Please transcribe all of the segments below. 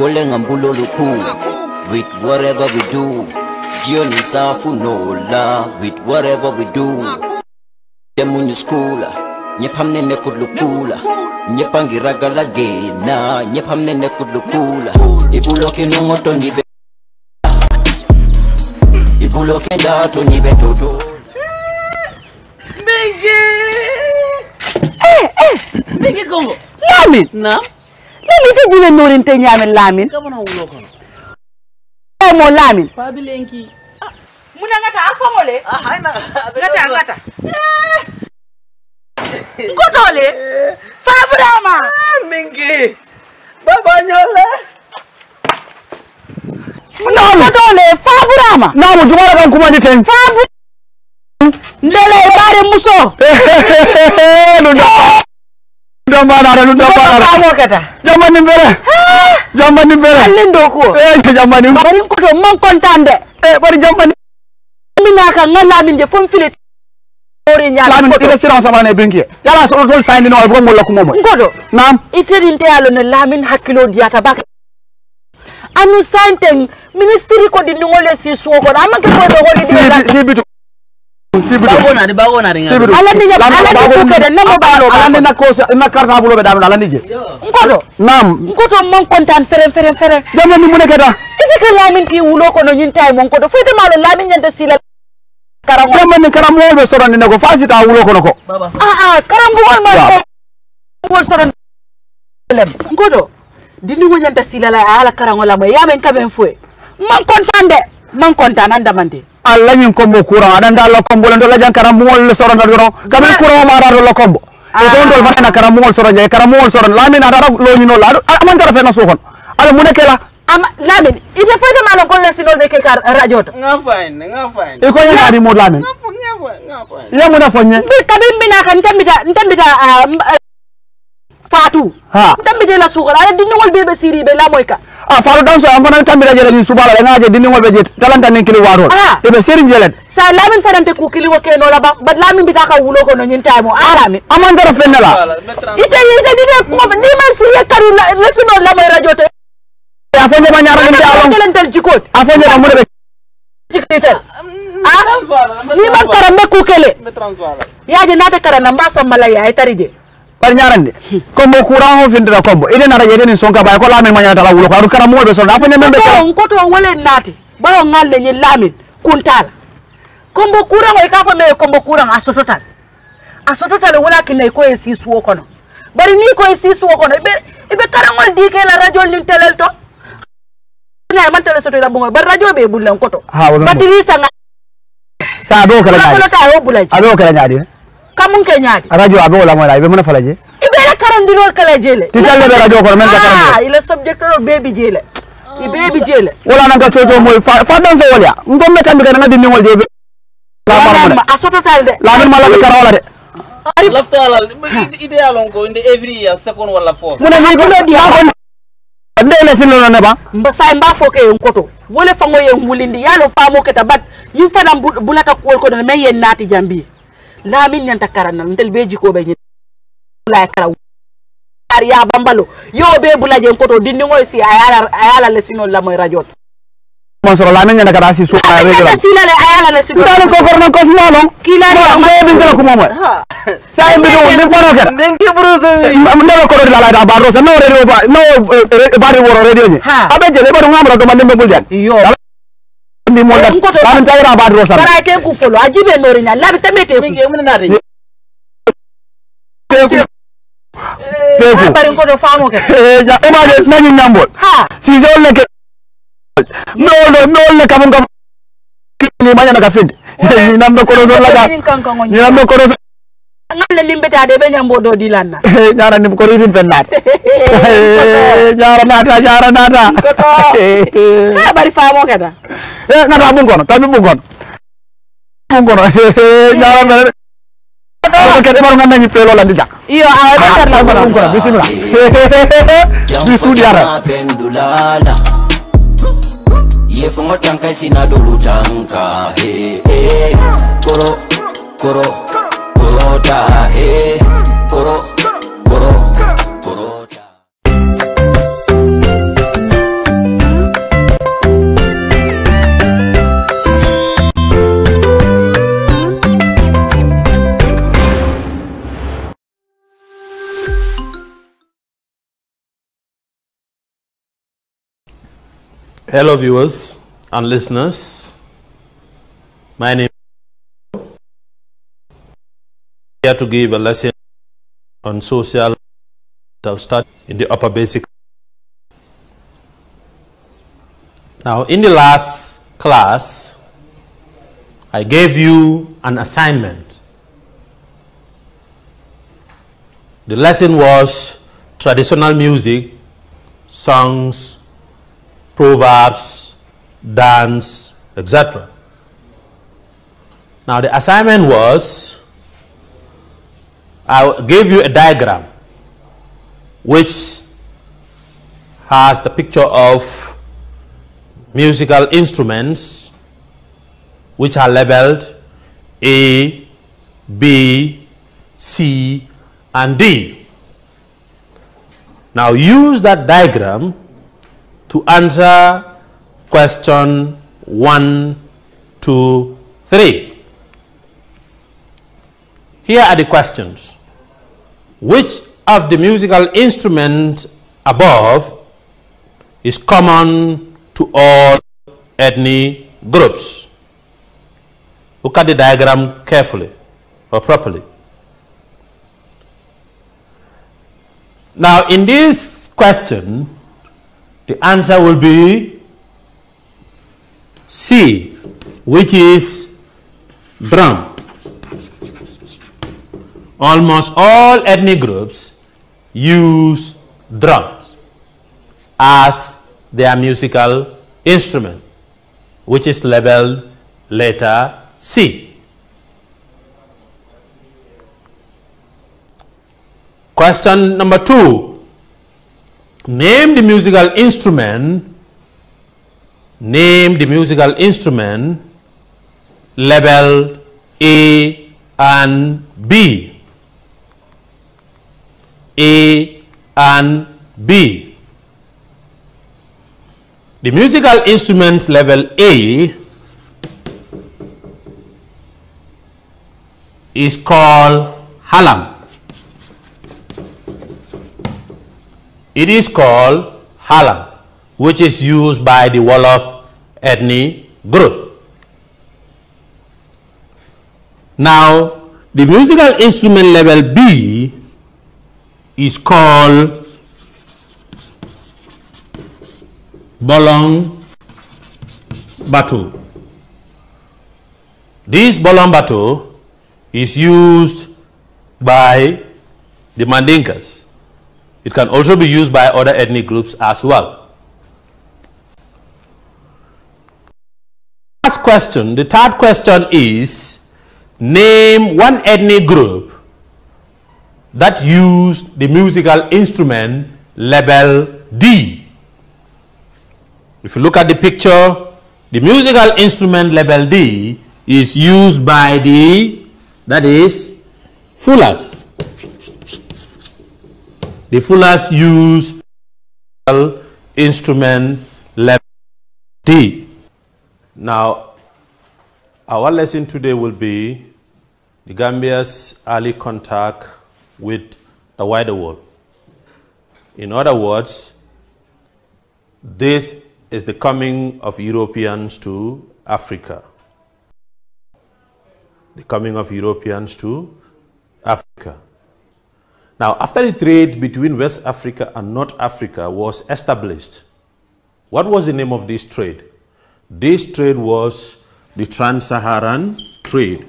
Kole ngambulo luku With whatever we do Jioni safu nola With whatever we do Temunyu skula ah. Nyepamnene kudlukula Nyepangiragala gena Nyepamnene kudlukula Ibuloke nongoto nibe Ibuloke dato nibe toto Biggie! Eh, eh! Biggie Kongo! nami Naam? Mimi ka jine norin te nyamin lamin. Ka bana wulo kono. Ay mo lamin. Fa bi lenki. Ah, muna ngata an famole. Ah hayna. Ngata ngata. Eh, ngotole. Fa burama. Ah, mingi. Baba nyola. No, ngotole fa burama. Na mu jumara kan kuma ni ten. Fa Ndele bare muso. No no. ndombanaɗa ɗum ndombanaɗaamokata jamma nim bere jamma nim bere annen dow ko e eh, jamma nim baɗin koto man contane de e eh, ɓaɗi jamma ni minaka gallamin de fom filet restaurant samane benki yala so tol sayndino oy bogo golla kumomoy goɗo nam itedinte allah no laamin hakkilo ndiyata bak anu sainten ministre ko ɗinɗugol e si suwo koɗo amake koɗo hoɗi sibito alande na kosa na karta bulo be damna alande je nam ngoto mon kontan ferem ferem ferem jamna ni mune keda ifi ka lamin ti wulo ko no nyinta mon kodo fete lamin nyande sila karamo jamna ni karamo be sorande ne ko fasi ta wulo ko ko ah ah karamo wol ma wol sorande wo nyanta sila la ala karamo la ma kamen fue man kontande man kontan andamande Allah min kombo ada nda allah kombo le ndola karena karamuol le soronda doron kamin courant kurang maɗa ɗo lo kombo e ɗon ɗol fana na karamuol soron jay karamuol soron lamin aɗa ara loñinolla amantara fena sukon ala mune kela ama lamin ite lo malo golle sinol ɓe keka radio to e ko yenaɗi mod lamin yamuna foñe kamin mina ka ntambita ntambita ah, eh, fatou ntambitela sukon aɗa dindigol ɓeɓe siri ɓe lamoy ka ah faro dan so an fanan kamira jere ni subala nga je dinni wobe je talanta nen kili waro e be serin jelen sa lamin farante ku kili woke no laba bad lamin bi taka wulo ko no nyin taymo alami aman dara fennala ite ite dine ko ni ma su ye karu la fi no lama radio te a fo nyama nyara ngi alon jelentel jikot a fo nyama mo be jikitel ah ni man karambe ku kele yaje nata karana sam malaya e tarije ɓar ñarande comme o courant o findira combo iden ara ƴeɗenin sonka ɓay ko lamin mañatala wulo ko aɗu kara mumoɓe sonda fo ñamen ɓe koto wolen bayo ɓayo galle ñin lamin kuntala combo courant o e ka fo maye combo courant a sototal a sototal wolakinayi koye sisuwo kono bari ni koye sisuwo kono ɓe ɓe karagol dikela radio nin telel to na man tele sotoyla bongo bari radio ɓe bullan koto batiri sanga sa aɗo kala ñaadi aɗo kala ñaadi kamun ke nyaade radio abe wala mala ibe mona falaje ibe la karandirol kala là ti talle be radio ko men ka tan ah ile subject ro baby jele i oh. baby jele wala nan ka chocho moy fa dan so wala ngom me tambi kana dinni wol jebe la marmule a soto talde la min mala be kara wala de lafta alal ideal on ko inde every year second wala fourth mona ni ko di ndele silo na ba mbasa mba foke yon koto wole fango yon wulindi yalo famo keta bat nyi fana bulata ko ko na me yen nati jambi laamin ñanta karanal ntel be jikoɓe ñi lay karaw ar ya bambalo yo be bula jen koto dindigoy si ayala ayala le sino lamoy radio mon soro laamin ñanta kata si suwa radio la sino le ayala le a dal ko korno ko sino a kila ni am be bin ko momo sa a bidu a foro ket den ki a mi ndelo ko radio la da barro sa no radio no bari woro radio ni abe jele bari ngamra do man dembe buljan yo ndi mo la an tayra badro sa bara te ku folo ajibe nori nya labi tamete ku mingi mun na be teku teku bari ke e ja e ma de nani nyambol ha si ni manya na ka finde ni namdo korozo la ka ni limbe ta de be nyambo do dilan na ko ridin fen nat nyara nata nyara nata ka bari famo kada e ngata bun kono tabi bun kono bun kono nyara mere kete baru ngana nyipe lo jak iyo awe beter lah bun kono bismillah bisu diara pendulala yefungo tanka sina dulu tanka he he porota, poro, Hello viewers and listeners. My name here to give a lesson on social study in the upper basic. Now, in the last class, I gave you an assignment. The lesson was traditional music, songs, proverbs, dance, etc. Now, the assignment was I gave you a diagram which has the picture of musical instruments which are labeled A, B, C, and D. Now use that diagram to answer question 1, 2, 3. Here are the questions. Which of the musical instruments above is common to all ethnic groups? Look at the diagram carefully or properly. Now, in this question, the answer will be C, which is drum almost all ethnic groups use drums as their musical instrument, which is labeled letter C. Question number two Name the musical instrument. Name the musical instrument labeled A and B. A and B. The musical instrument level A is called halam. It is called halam, which is used by the Wolof ethnic group. Now, the musical instrument level B is called Boulogne Batu. This Boulogne Batu is used by the Mandinkas. It can also be used by other ethnic groups as well. Last question, the third question is, name one ethnic group that used the musical instrument label D. If you look at the picture, the musical instrument label D is used by the, that is, fullers. The fullers use instrument label D. Now, our lesson today will be the Gambia's early contact with the wider world. In other words, this is the coming of Europeans to Africa. The coming of Europeans to Africa. Now, after the trade between West Africa and North Africa was established, what was the name of this trade? This trade was the Trans Saharan trade.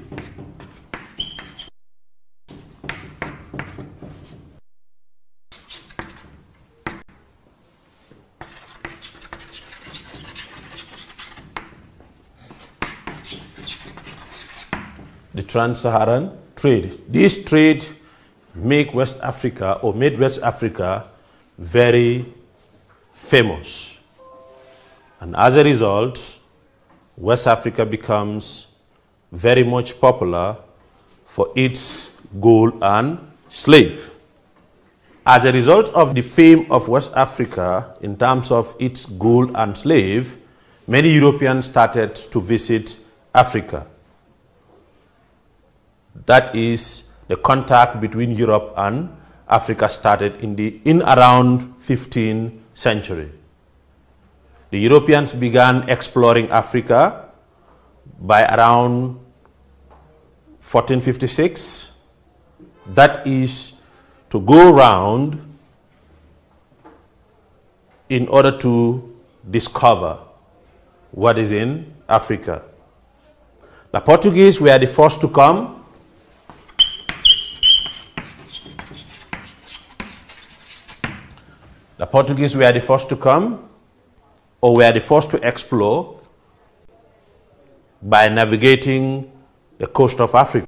trans-Saharan trade. This trade make West Africa or made West Africa very famous. And as a result, West Africa becomes very much popular for its gold and slave. As a result of the fame of West Africa in terms of its gold and slave, many Europeans started to visit Africa. That is the contact between Europe and Africa started in the in around 15th century. The Europeans began exploring Africa by around 1456. That is to go round in order to discover what is in Africa. The Portuguese were the first to come The Portuguese were the first to come, or were the first to explore by navigating the coast of Africa.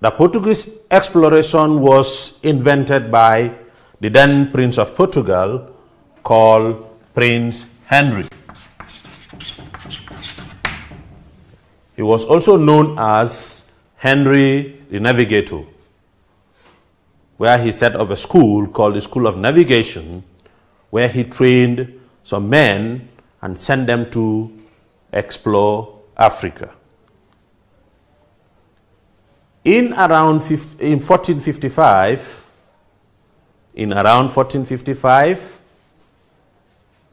The Portuguese exploration was invented by the then Prince of Portugal called Prince Henry. He was also known as Henry the Navigator where he set up a school called the School of Navigation, where he trained some men and sent them to explore Africa. In around 15, in 1455, in around 1455,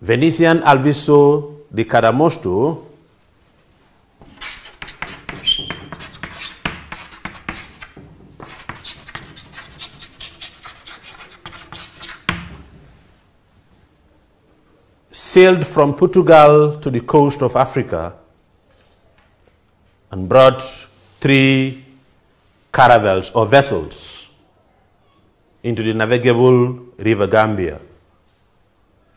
Venetian Alviso de Cadamosto sailed from Portugal to the coast of Africa and brought three caravels or vessels into the navigable River Gambia.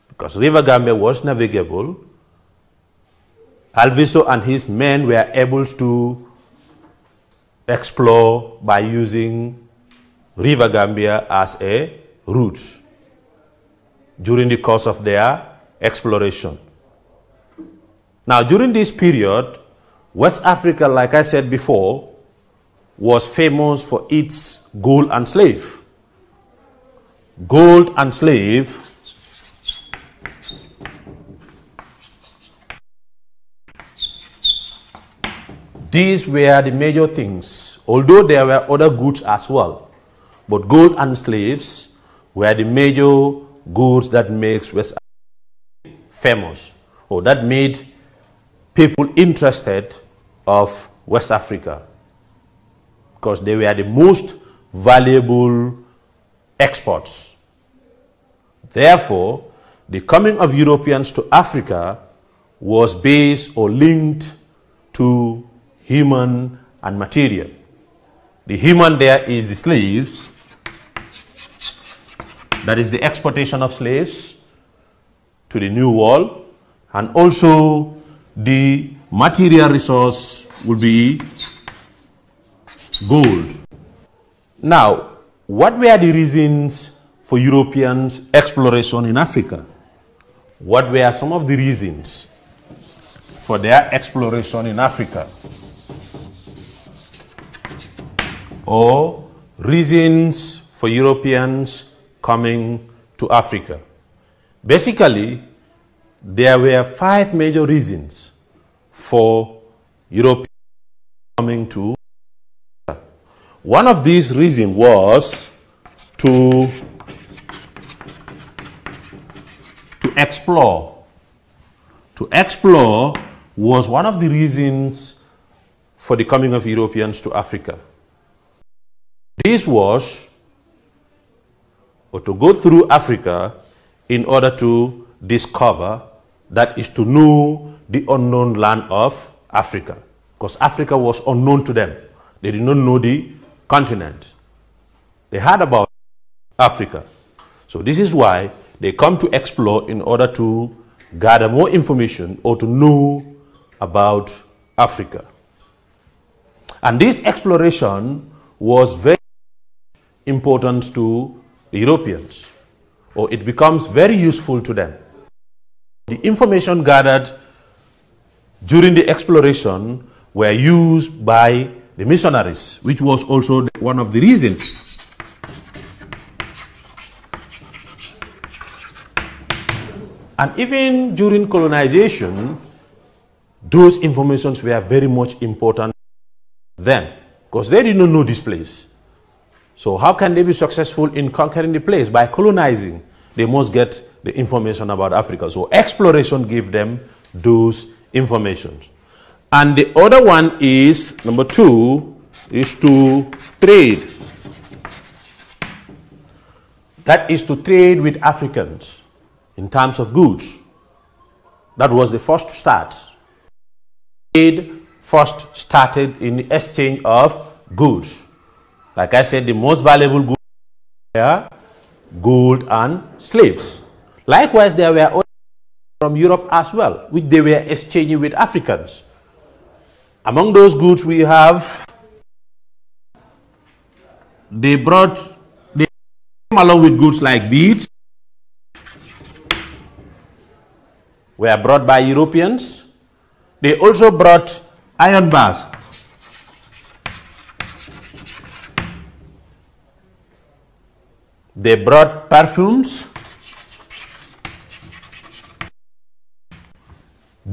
Because River Gambia was navigable, Alviso and his men were able to explore by using River Gambia as a route during the course of their exploration. Now, during this period, West Africa, like I said before, was famous for its gold and slave. Gold and slave These were the major things, although there were other goods as well. But gold and slaves were the major goods that makes West famous, or oh, that made people interested of West Africa because they were the most valuable exports. Therefore, the coming of Europeans to Africa was based or linked to human and material. The human there is the slaves, that is the exportation of slaves to the new wall and also the material resource will be gold. Now, what were the reasons for Europeans' exploration in Africa? What were some of the reasons for their exploration in Africa? Or reasons for Europeans coming to Africa? Basically, there were five major reasons for Europeans coming to one of these reasons was to, to explore. To explore was one of the reasons for the coming of Europeans to Africa. This was, or to go through Africa, in order to discover, that is to know the unknown land of Africa. Because Africa was unknown to them. They did not know the continent. They heard about Africa. So this is why they come to explore in order to gather more information or to know about Africa. And this exploration was very important to the Europeans or it becomes very useful to them. The information gathered during the exploration were used by the missionaries, which was also one of the reasons. And even during colonization, those informations were very much important then, because they did not know this place. So how can they be successful in conquering the place? By colonizing, they must get the information about Africa. So exploration gave them those informations. And the other one is, number two, is to trade. That is to trade with Africans in terms of goods. That was the first start. Trade first started in the exchange of goods. Like I said, the most valuable goods were gold and slaves. Likewise, there were from Europe as well, which they were exchanging with Africans. Among those goods we have, they brought, they came along with goods like beads, were brought by Europeans. They also brought iron bars, they brought perfumes.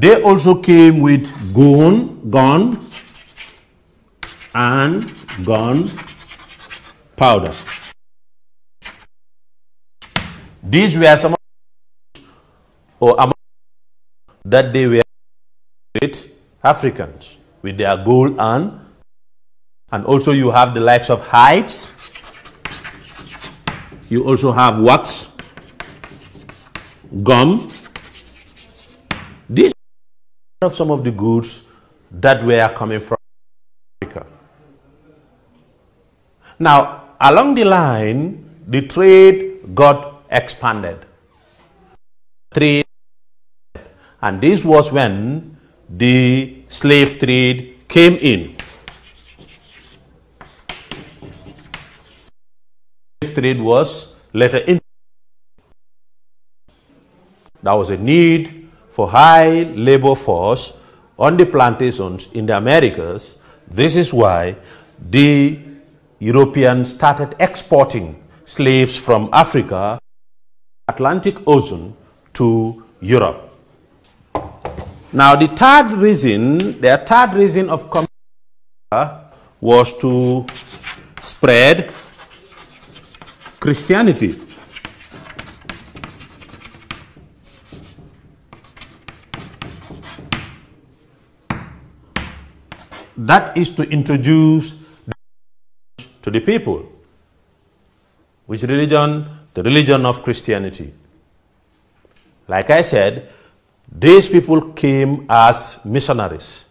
They also came with gone, gone and gone powder. These were some or among that they were with Africans with their gold and and also you have the likes of hides you also have wax, gum. These are some of the goods that were coming from Africa. Now, along the line, the trade got expanded. Trade, and this was when the slave trade came in. trade was later in. There was a need for high labor force on the plantations in the Americas. This is why the Europeans started exporting slaves from Africa, Atlantic Ocean to Europe. Now the third reason, the third reason of was to spread Christianity. That is to introduce to the people. Which religion? The religion of Christianity. Like I said, these people came as missionaries.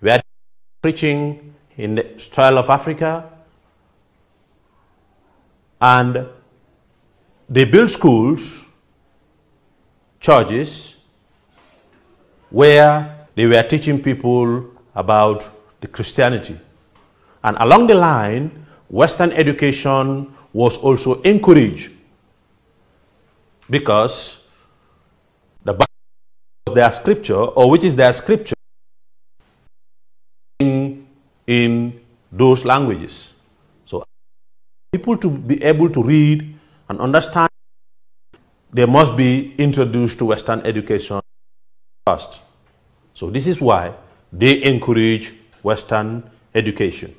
We are preaching in the soil of Africa, and they built schools, churches, where they were teaching people about the Christianity. And along the line, Western education was also encouraged because the Bible was their scripture, or which is their scripture in, in those languages people to be able to read and understand, they must be introduced to Western education first. So this is why they encourage Western education.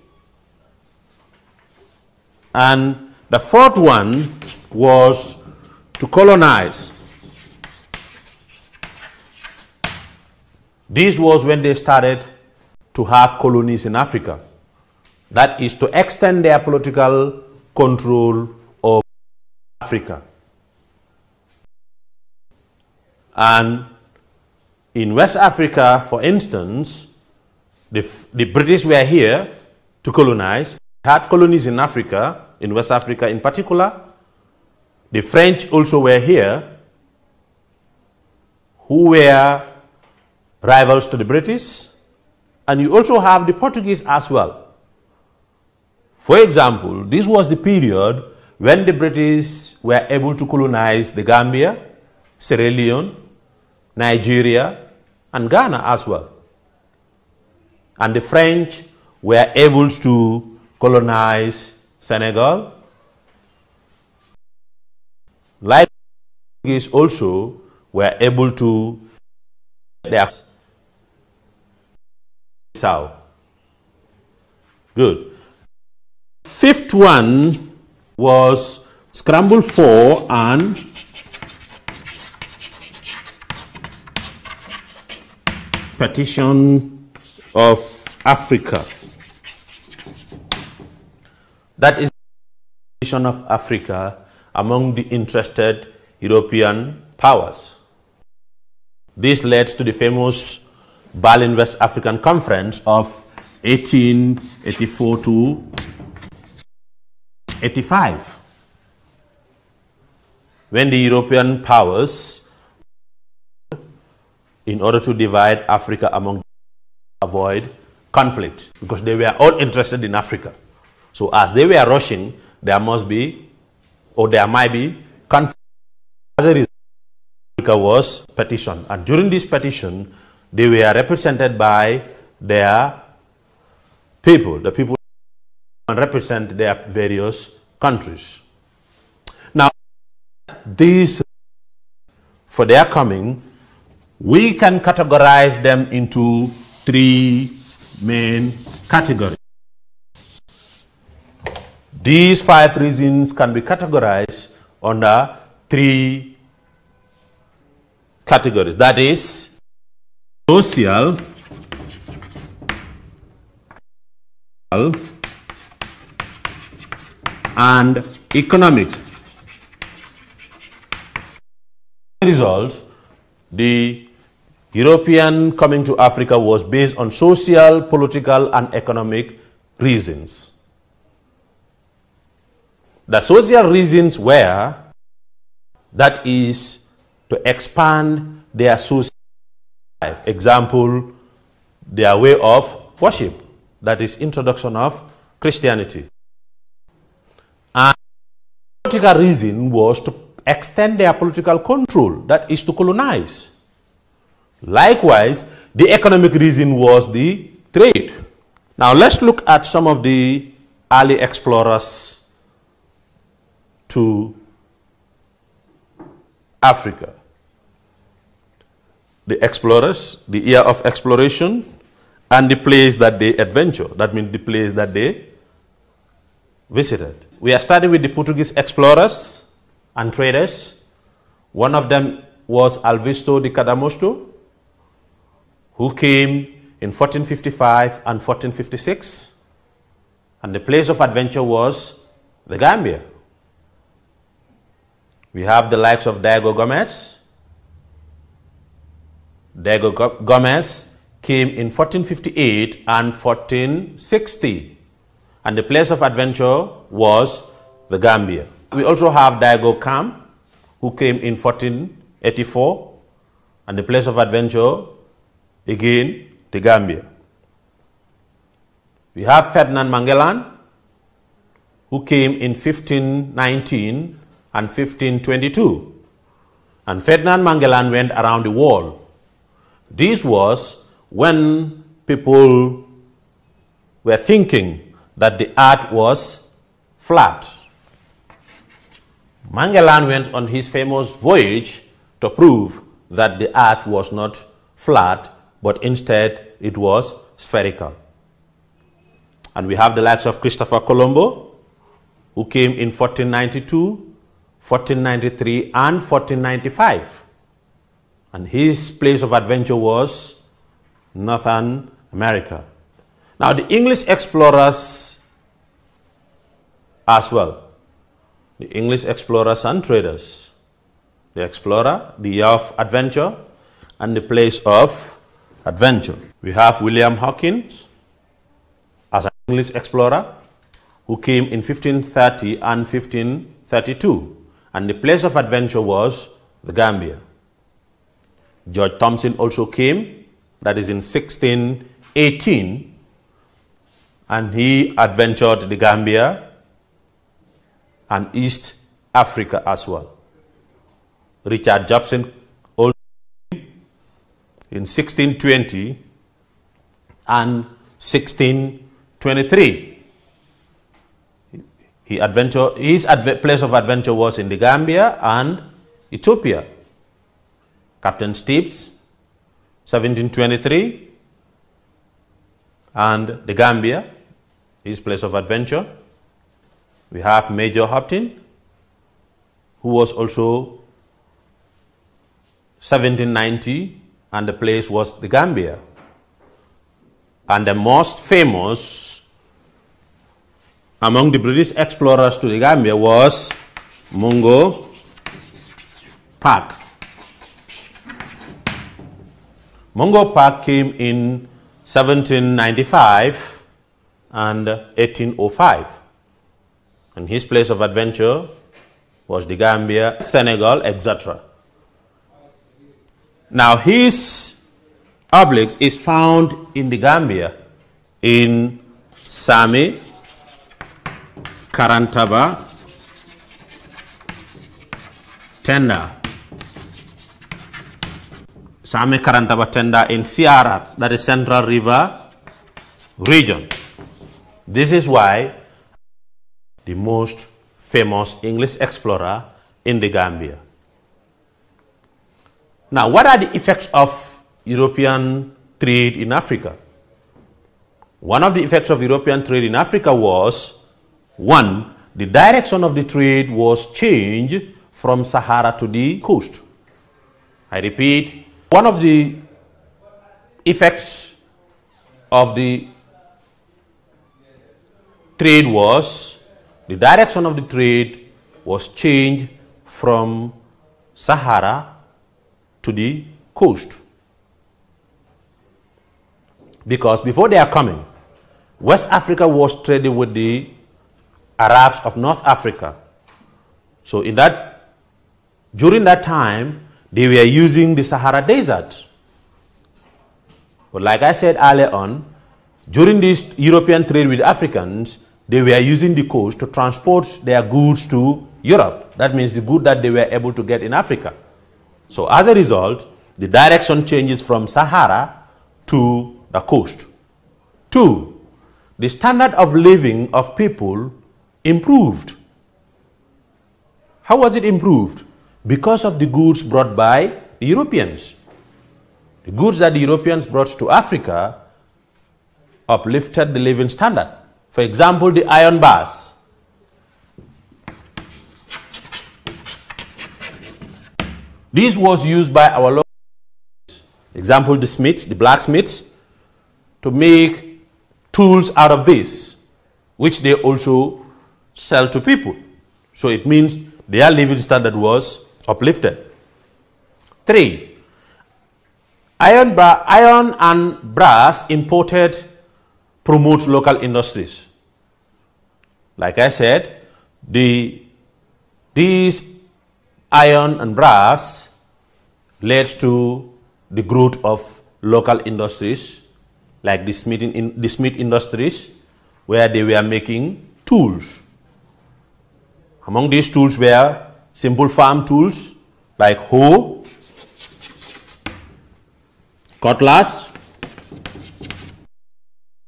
And the fourth one was to colonize. This was when they started to have colonies in Africa. That is to extend their political control of Africa. And in West Africa, for instance, the, the British were here to colonize, had colonies in Africa, in West Africa in particular. The French also were here, who were rivals to the British. And you also have the Portuguese as well. For example, this was the period when the British were able to colonize the Gambia, Sierra Leone, Nigeria, and Ghana as well. And the French were able to colonize Senegal. Like Portuguese also were able to their south. Good fifth one was scramble 4 and partition of Africa. That is partition of Africa among the interested European powers. This led to the famous Berlin West African Conference of 1884 to 1885, when the European powers, in order to divide Africa among avoid conflict, because they were all interested in Africa. So as they were rushing, there must be, or there might be, conflict. As a result, Africa was petitioned. And during this petition, they were represented by their people, the people and represent their various countries. Now, these for their coming, we can categorize them into three main categories. These five reasons can be categorized under three categories. That is social, health and economics. Results, the European coming to Africa was based on social, political, and economic reasons. The social reasons were that is to expand their social life. Example, their way of worship, that is introduction of Christianity. And the political reason was to extend their political control, that is to colonize. Likewise, the economic reason was the trade. Now let's look at some of the early explorers to Africa. The explorers, the year of exploration, and the place that they adventure. That means the place that they visited. We are starting with the Portuguese explorers and traders. One of them was Alvisto de Cadamosto, who came in 1455 and 1456. And the place of adventure was the Gambia. We have the likes of Diego Gomez. Diego Gomez came in 1458 and 1460 and the place of adventure was the Gambia. We also have Diago Cam, who came in 1484, and the place of adventure, again, the Gambia. We have Ferdinand Magellan, who came in 1519 and 1522. And Ferdinand Magellan went around the world. This was when people were thinking that the earth was flat. Magellan went on his famous voyage to prove that the earth was not flat, but instead it was spherical. And we have the likes of Christopher Colombo, who came in 1492, 1493, and 1495. And his place of adventure was Northern America. Now, the English explorers as well, the English explorers and traders, the explorer, the year of adventure, and the place of adventure. We have William Hawkins as an English explorer who came in 1530 and 1532, and the place of adventure was the Gambia. George Thompson also came, that is in 1618, and he adventured the Gambia and East Africa as well. Richard Jepson also in 1620 and 1623. He adventure, his adve place of adventure was in the Gambia and Ethiopia. Captain Steeps, 1723, and the Gambia, his place of adventure. We have Major Hopton, who was also 1790 and the place was the Gambia. And the most famous among the British explorers to the Gambia was Mungo Park. Mungo Park came in 1795 and 1805. And his place of adventure was the Gambia, Senegal, etc. Now his obelisk is found in the Gambia in Sami, Karantaba, Tenda. Sami Karantaba Tenda in Sierra, that is Central River region. This is why the most famous English explorer in the Gambia. Now, what are the effects of European trade in Africa? One of the effects of European trade in Africa was one, the direction of the trade was changed from Sahara to the coast. I repeat, one of the effects of the trade was, the direction of the trade was changed from Sahara to the coast. Because before their coming, West Africa was trading with the Arabs of North Africa. So in that, during that time, they were using the Sahara Desert. But like I said earlier on, during this European trade with Africans, they were using the coast to transport their goods to Europe. That means the good that they were able to get in Africa. So as a result, the direction changes from Sahara to the coast. Two, the standard of living of people improved. How was it improved? Because of the goods brought by the Europeans. The goods that the Europeans brought to Africa uplifted the living standard. For example, the iron bars. This was used by our Lord, example, the smiths, the blacksmiths, to make tools out of this, which they also sell to people. So it means their living standard was uplifted. Three, iron, iron and brass imported promote local industries. Like I said, the, these iron and brass led to the growth of local industries like the smith, in, the smith industries where they were making tools. Among these tools were simple farm tools like hoe, cutlass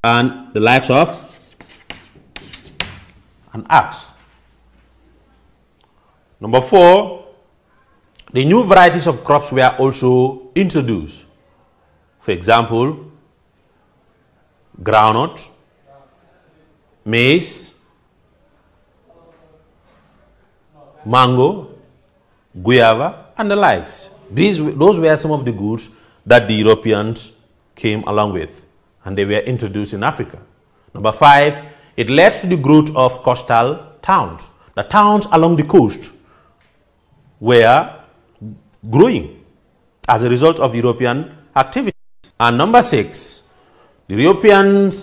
and the likes of and acts. Number four, the new varieties of crops were also introduced. For example, groundnut, maize, mango, guava, and the likes. These, those were some of the goods that the Europeans came along with, and they were introduced in Africa. Number five, it led to the growth of coastal towns. The towns along the coast were growing as a result of European activity. And number six, the European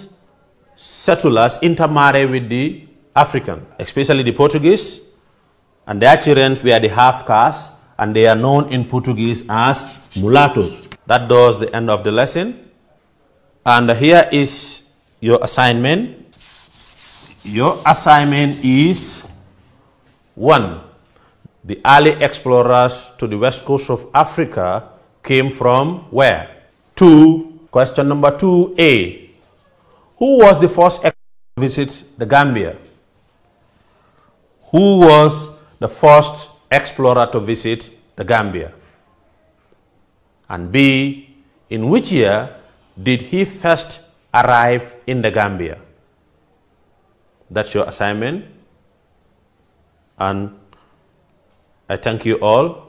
settlers intermarry with the African, especially the Portuguese, and their children were the half-castes, and they are known in Portuguese as mulattoes. That does the end of the lesson. And here is your assignment. Your assignment is one, the early explorers to the west coast of Africa came from where? Two, question number two A. Who was the first explorer to visit the Gambia? Who was the first explorer to visit the Gambia? And B, in which year did he first arrive in the Gambia? That's your assignment. And I thank you all.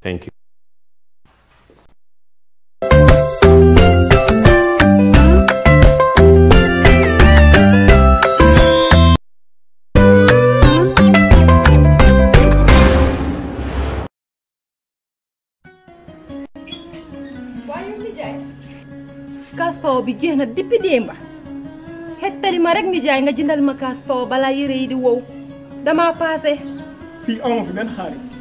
Thank you. Why you Gaspar bi begin na depuis démb xettali ma rek nijaay nga jëndal ma kaas paw balaa yére yi di wow damaa paase. fii amu fi benn xaalis.